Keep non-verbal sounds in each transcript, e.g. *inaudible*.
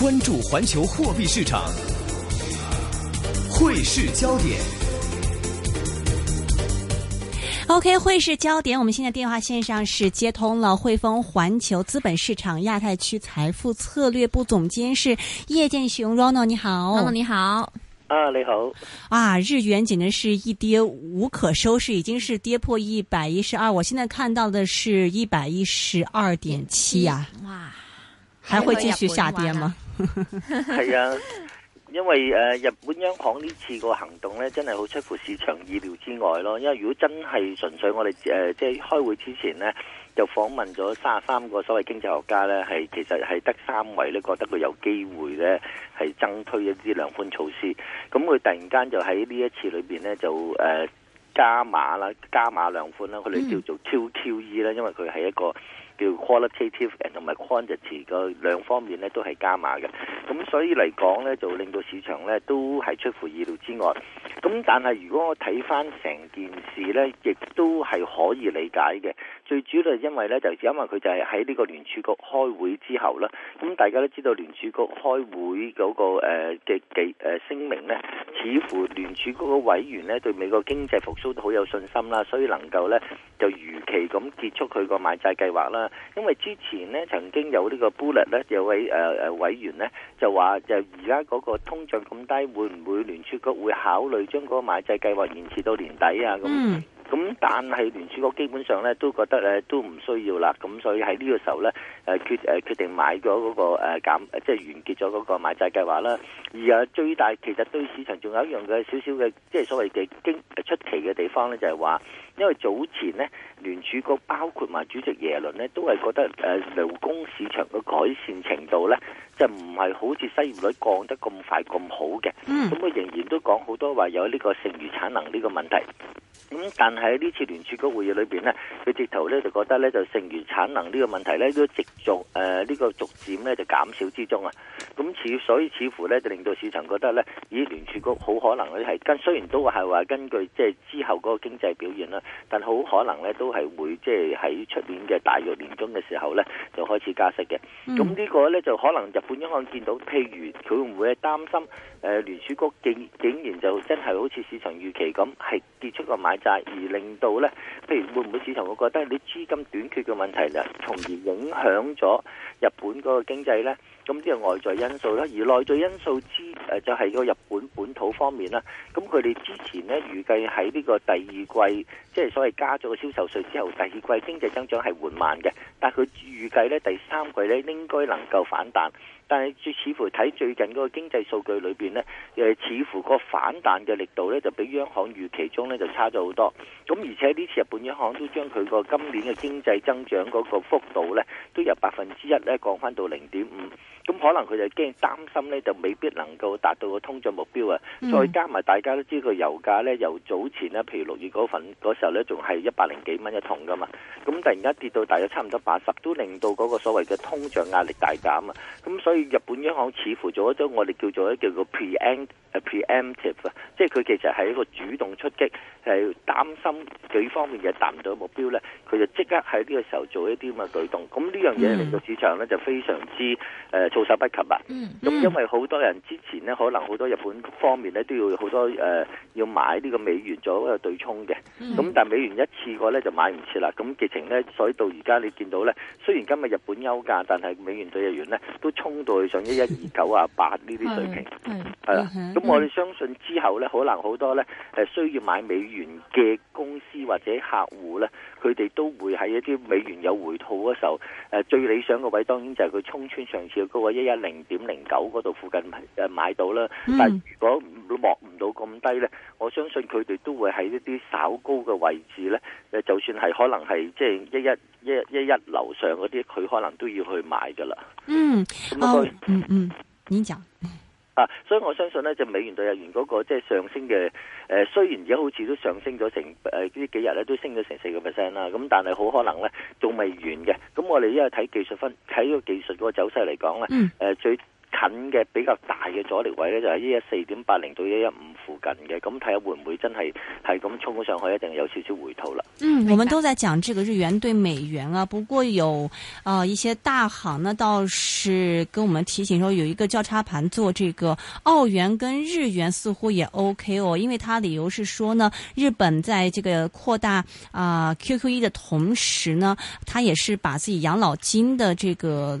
關注環球貨幣市場匯市焦點。OK，匯市焦點，我們現在電話線上是接通了匯豐環球資本市場亞太區財富策略部總監是葉劍雄，Ronald，你好，Ronald，你好。啊，你好。啊，日元簡直是一跌無可收拾，已經是跌破一百一十二，我現在看到的是一百一十二點七呀。哇，還會繼續下跌嗎？係 *laughs* 啊，因為誒、呃，日本央行呢次個行動咧，真係好出乎市場意料之外咯。因為如果真係純粹我們，我哋誒即係開會之前呢，就訪問咗三十三個所謂經濟學家呢，係其實係得三位咧覺得佢有機會呢係增推一啲量寬措施。咁佢突然間就喺呢一次裏邊呢，就誒加碼啦，加碼量寬啦，佢哋叫做 QQE 啦、嗯，因為佢係一個。叫 qualitative 誒同埋 quantitative 兩方面咧都係加碼嘅，咁所以嚟講咧就令到市場咧都係出乎意料之外。咁但係如果我睇翻成件事咧，亦都係可以理解嘅。最主要係因為咧就係、因為佢就係喺呢個聯儲局開會之後啦。咁大家都知道聯儲局開會嗰、嗰個誒嘅嘅誒聲明咧，似乎聯儲局嘅委員咧對美國經濟復甦都好有信心啦，所以能夠咧就如期咁結束佢個買債計劃啦。因為之前咧曾經有呢個 bullet 咧，有位誒誒、呃呃呃、委員咧就話，就而家嗰個通脹咁低，會唔會聯儲局會考慮將嗰個買債計劃延遲到年底啊？咁、嗯。咁但係聯儲局基本上咧都覺得咧都唔需要啦，咁所以喺呢個時候咧、呃決，呃、決定買咗嗰、那個減、呃、即係完結咗嗰個買債計劃啦。而啊最大其實對市場仲有一樣嘅少少嘅即係所謂嘅驚出奇嘅地方咧，就係、是、話因為早前咧聯儲局包括埋主席耶倫咧都係覺得誒勞、呃、工市場嘅改善程度咧就唔係好似失業率降得咁快咁好嘅，咁、嗯、佢仍然都講好多話有呢個剩餘產能呢個問題。咁、嗯、但係呢次聯儲局會議裏邊呢，佢直頭咧就覺得咧就剩餘產能呢個問題咧都持續誒呢個逐漸咧就減少之中啊。咁、嗯、似所以似乎咧就令到市場覺得咧，咦聯儲局好可能咧係跟雖然都係話根據即係之後嗰個經濟表現啦，但好可能咧都係會即係喺出年嘅大約年中嘅時候咧就開始加息嘅。咁、嗯、呢個咧就可能日本央行見到，譬如佢會唔會擔心誒聯儲局竟竟然就真係好似市場預期咁係結束個買。而令到呢，譬如會唔會市場會覺得你資金短缺嘅問題呢，從而影響咗日本嗰個經濟呢？咁呢個外在因素啦，而內在因素之誒就係個日本本土方面啦。咁佢哋之前呢，預計喺呢個第二季，即係所謂加咗個銷售稅之後，第二季經濟增長係緩慢嘅。但係佢預計呢，第三季呢應該能夠反彈。但係，似乎睇最近嗰個經濟數據裏邊咧，誒似乎個反彈嘅力度呢，就比央行預期中呢就差咗好多。咁而且呢次日本央行都將佢個今年嘅經濟增長嗰個幅度呢，都由百分之一呢降翻到零點五。咁可能佢就驚擔心呢，就未必能夠達到個通脹目標啊！Mm. 再加埋大家都知佢油價呢由早前呢，譬如六月嗰份嗰時候呢，仲係一百零幾蚊一桶㗎嘛。咁突然間跌到大約差唔多八十，都令到嗰個所謂嘅通脹壓力大減啊！咁所以日本央行似乎做咗我哋叫做叫做 preempt preemptive，即係佢其實係一個主動出擊，係擔心幾方面嘅達唔到目標咧，佢就即刻喺呢個時候做一啲咁嘅舉動。咁呢樣嘢令到市場咧、mm-hmm. 就非常之誒、呃、措手不及啊！咁、mm-hmm. 因為好多人之前咧可能好多日本方面咧都要好多誒、呃、要買呢個美元做一個對沖嘅，咁、mm-hmm. 但係美元一次過咧就買唔切啦。咁劇情咧，所以到而家你見到咧，雖然今日日本休假，但係美元對日元咧都衝到去上一一二九啊八呢啲水平係啦。咁、mm-hmm. 嗯、我哋相信之後咧，可能好多咧誒需要買美元嘅公司或者客戶咧，佢哋都會喺一啲美元有回吐嗰時候誒、啊，最理想個位置當然就係佢衝穿上次嘅高位一一零點零九嗰度附近誒買,買到啦。嗯、但如果落唔到咁低咧，我相信佢哋都會喺一啲稍高嘅位置咧誒，就算係可能係即係一一一一,一一樓上嗰啲，佢可能都要去買噶啦。嗯，好、哦，嗯嗯，你、嗯、講。嗯啊，所以我相信咧，就美元兌日元嗰、那個即係、就是、上升嘅，誒、呃，雖然而家好似都上升咗成，誒、呃、呢幾日咧都升咗成四個 percent 啦，咁但係好可能咧仲未完嘅，咁我哋依家睇技術分，睇個技術個走勢嚟講咧，誒、嗯呃、最。近嘅比較大嘅阻力位呢，就喺一一四點八零到一一五附近嘅，咁睇下會唔會真係係咁衝上去，一定有少少回吐啦。嗯，我們都在講這個日元對美元啊，不過有啊一些大行呢，倒是跟我們提醒說有一個交叉盤做這個澳元跟日元似乎也 OK 哦，因為他理由是說呢，日本在這個擴大啊、呃、QQE 的同時呢，他也是把自己養老金的這個。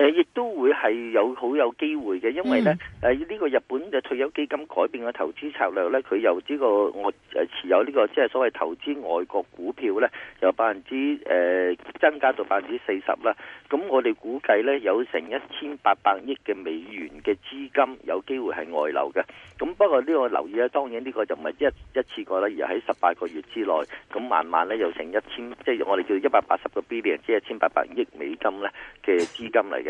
誒，亦都會係有好有機會嘅，因為咧，誒呢、嗯啊，呢個日本嘅退休基金改變嘅投資策略咧，佢由呢、呢個我誒持有呢、呢個即係、就是、所謂投資外國股票咧，由百分之誒、呃、增加到百分之四十啦。咁我哋估計咧，有成一千八百億嘅美元嘅資金有機會係外流嘅。咁不過呢個留意咧，當然呢個就唔係一一次過啦，而喺十八個月之內，咁慢慢咧有成一千，即、就、係、是、我哋叫一百八十個 billion，即係一千八百億美金咧嘅資金嚟嘅。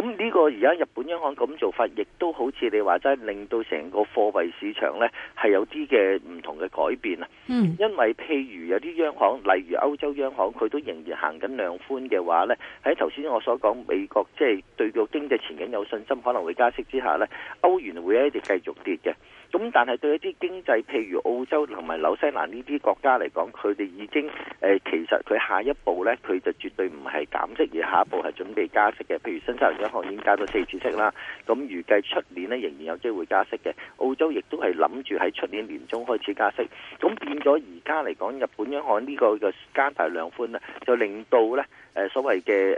咁呢個而家日本央行咁做法，亦都好似你話齋令到成個貨幣市場咧係有啲嘅唔同嘅改變啊。嗯。因為譬如有啲央行，例如歐洲央行，佢都仍然行緊量寬嘅話咧，喺頭先我所講美國即係對個經濟前景有信心，可能會加息之下咧，歐元會一直繼續跌嘅。咁但係對一啲經濟譬如澳洲同埋紐西蘭呢啲國家嚟講，佢哋已經誒、呃，其實佢下一步咧，佢就絕對唔係減息，而下一步係準備加息嘅。譬如新西行已經加咗四次息啦，咁預計出年咧仍然有機會加息嘅。澳洲亦都係諗住喺出年年中開始加息，咁變咗而家嚟講，日本央行呢個嘅加大量寬咧，就令到咧。誒所謂嘅誒誒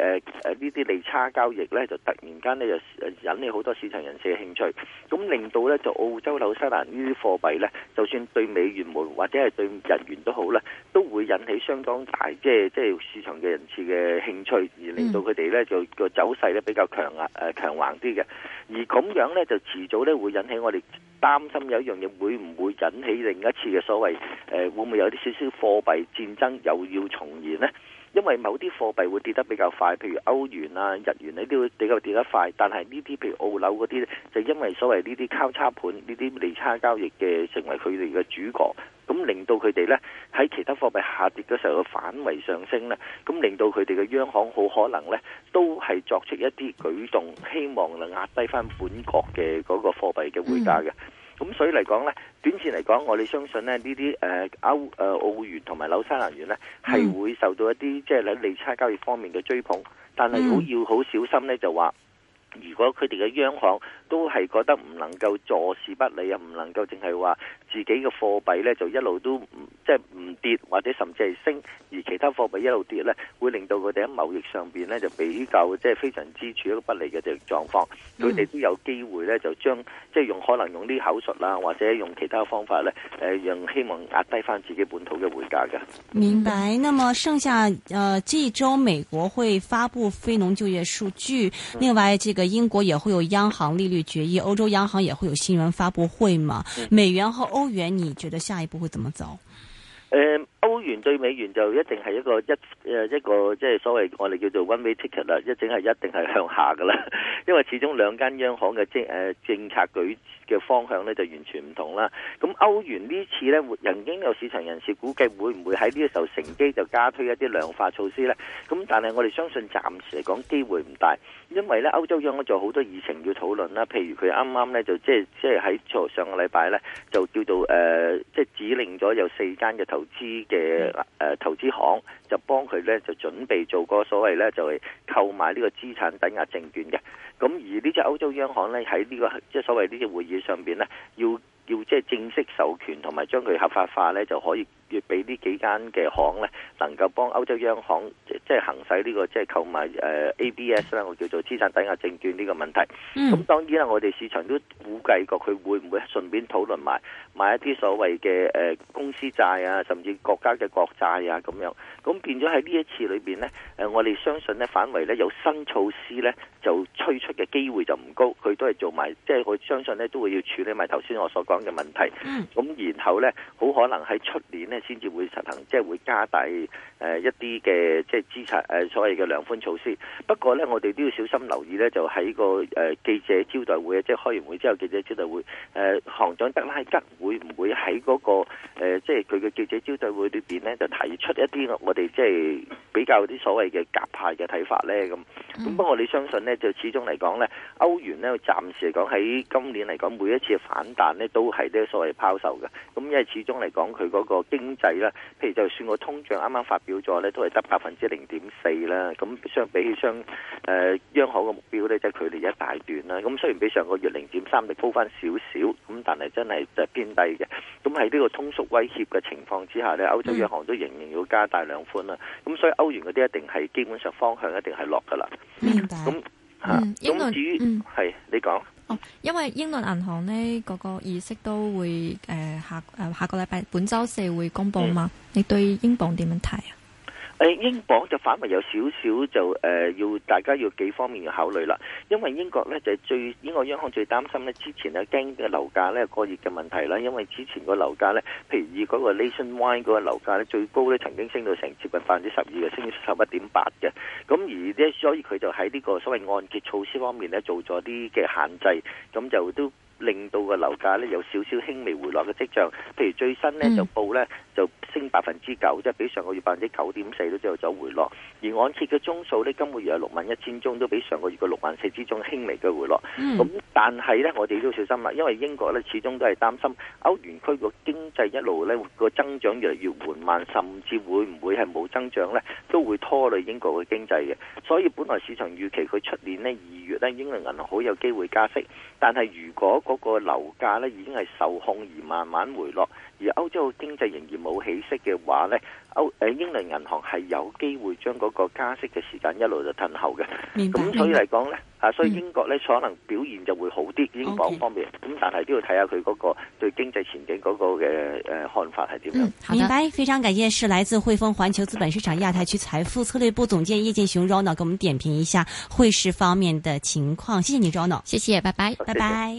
呢啲利差交易咧，就突然間咧就引起好多市場人士嘅興趣，咁令到咧就澳洲、紐西蘭呢啲貨幣咧，就算對美元們或者係對日元都好咧，都會引起相當大即係即係市場嘅人士嘅興趣，而令到佢哋咧就個走勢咧比較強壓誒、呃、強橫啲嘅，而咁樣咧就遲早咧會引起我哋擔心有一樣嘢會唔會引起另一次嘅所謂誒、呃、會唔會有啲少少貨幣戰爭又要重現咧？因為某啲貨幣會跌得比較快，譬如歐元啊、日元呢、啊、啲會比較跌得快，但係呢啲譬如澳紐嗰啲就因為所謂呢啲交叉盤、呢啲利差交易嘅成為佢哋嘅主角，咁令到佢哋呢喺其他貨幣下跌嘅時候反為上升咧，咁令到佢哋嘅央行好可能呢都係作出一啲舉動，希望能壓低返本國嘅嗰個貨幣嘅匯價嘅。咁所以嚟講呢，短線嚟講，我哋相信呢，呢啲誒歐誒澳元同埋紐西蘭元呢係會受到一啲即係喺利差交易方面嘅追捧，但係好要好小心呢，就話如果佢哋嘅央行，都係覺得唔能夠坐視不理啊，唔能夠淨係話自己嘅貨幣咧就一路都即係唔跌或者甚至係升，而其他貨幣一路跌咧，會令到佢哋喺貿易上邊咧就比較即係、就是、非常之處一個不利嘅狀況，佢哋都有機會咧就將即係用可能用啲口術啦，或者用其他方法咧誒讓希望壓低翻自己本土嘅匯價嘅。明白。那麼剩下誒、呃，這周美國會發布非農就業數據、嗯，另外這個英國也會有央行利率。決議，歐洲央行也會有新聞發佈會嘛？美元和歐元，你覺得下一步會怎麼走？誒、呃，歐元對美元就一定係一個一誒、呃、一個即係所謂我哋叫做 one way ticket 啦，一定係一定係向下噶啦，因為始終兩間央行嘅政誒、呃、政策舉嘅方向咧就完全唔同啦。咁歐元呢次咧，曾經有市場人士估計會唔會喺呢個時候乘機就加推一啲量化措施咧？咁但係我哋相信暫時嚟講機會唔大，因為咧歐洲央行做好多議程要討論啦。譬如佢啱啱咧就即係即係喺上個禮拜咧就叫做誒即係指令咗有四間嘅投資嘅誒投資行就幫佢咧就準備做個所謂咧就係購買呢個資產抵押證券嘅。咁而呢隻歐洲央行咧喺呢個即係所謂呢隻會議。上邊咧要要即係正式授權同埋將佢合法化咧，就可以要俾呢幾間嘅行咧，能夠幫歐洲央行即係、就是、行使呢、這個即係、就是、購買誒、uh, ABS 啦，我叫做資產抵押證券呢個問題。咁、嗯、當然啦，我哋市場都估計過佢會唔會順便討論埋。買一啲所謂嘅誒公司債啊，甚至國家嘅國債啊，咁樣，咁變咗喺呢一次裏邊呢。誒我哋相信呢，反為呢，有新措施呢，就推出嘅機會就唔高，佢都係做埋，即係我相信呢，都會要處理埋頭先我所講嘅問題。嗯，咁然後呢，好可能喺出年呢，先至會實行，即係會加大誒一啲嘅即係資產誒所謂嘅量寬措施。不過呢，我哋都要小心留意呢，就喺個誒記者招待會即係開完會之後記者招待會，誒行長德拉吉會。會唔會喺嗰個誒，即係佢嘅記者招待會裏邊咧，就提出一啲我哋即係比較啲所謂嘅夾派嘅睇法咧？咁咁，不過我哋相信咧，就始終嚟講咧，歐元咧，暫時嚟講喺今年嚟講，每一次嘅反彈咧，都係啲所謂拋售嘅。咁因為始終嚟講，佢嗰個經濟啦，譬如，就算個通脹啱啱發表咗咧，都係得百分之零點四啦。咁相比起相誒、呃、央行嘅目標咧，即係距離一大段啦。咁雖然比上個月零點三厘高翻少少，咁但係真係就變。低嘅，咁喺呢個通縮威脅嘅情況之下咧，歐洲央行都仍然要加大量寬啦。咁、嗯、所以歐元嗰啲一定係基本上方向一定係落噶啦。明、嗯、白？咁、嗯啊、至於係、嗯、你講，哦，因為英倫銀行呢嗰個利息都會誒、呃、下誒、呃、下個禮拜本周四會公布嘛、嗯。你對英鎊點樣睇啊？誒，英鎊就反而有少少就誒，要、呃、大家要幾方面要考慮啦。因為英國咧就是、最英國央行最擔心咧，之前咧驚嘅樓價咧過熱嘅問題啦。因為之前個樓價咧，譬如以嗰個 Nationwide 嗰個樓價咧，最高咧曾經升到成接近百分之十二，嘅，升咗十一點八嘅。咁而咧，所以佢就喺呢個所謂按揭措施方面咧，做咗啲嘅限制，咁就都。令到個樓價咧有少少輕微回落嘅跡象，譬如最新咧就報咧就升百分之九，即係比上個月百分之九點四都之後就回落。而按揭嘅宗數咧今個月係六萬一千宗，都比上個月嘅六萬四千宗輕微嘅回落。咁、嗯但係咧，我哋都要小心啦，因為英國咧始終都係擔心歐元區個經濟一路咧個增長越嚟越緩慢，甚至會唔會係冇增長咧，都會拖累英國嘅經濟嘅。所以本來市場預期佢出年呢二月咧英倫銀行好有機會加息，但係如果嗰個樓價咧已經係受控而慢慢回落，而歐洲經濟仍然冇起色嘅話咧。歐誒，英倫銀行係有機會將嗰個加息嘅時間一路就褪後嘅。咁所以嚟講咧，啊，所以英國咧、嗯、可能表現就會好啲，英鎊方面。咁、okay. 但係都要睇下佢嗰個對經濟前景嗰個嘅誒看法係點樣、嗯。明白，非常感謝，是來自匯豐環球資本市場亞太區財富策略部總監葉劍雄 （Ronald） 給我們點評一下匯市方面的情況。謝謝你，Ronald。謝謝，拜拜，拜、okay. 拜。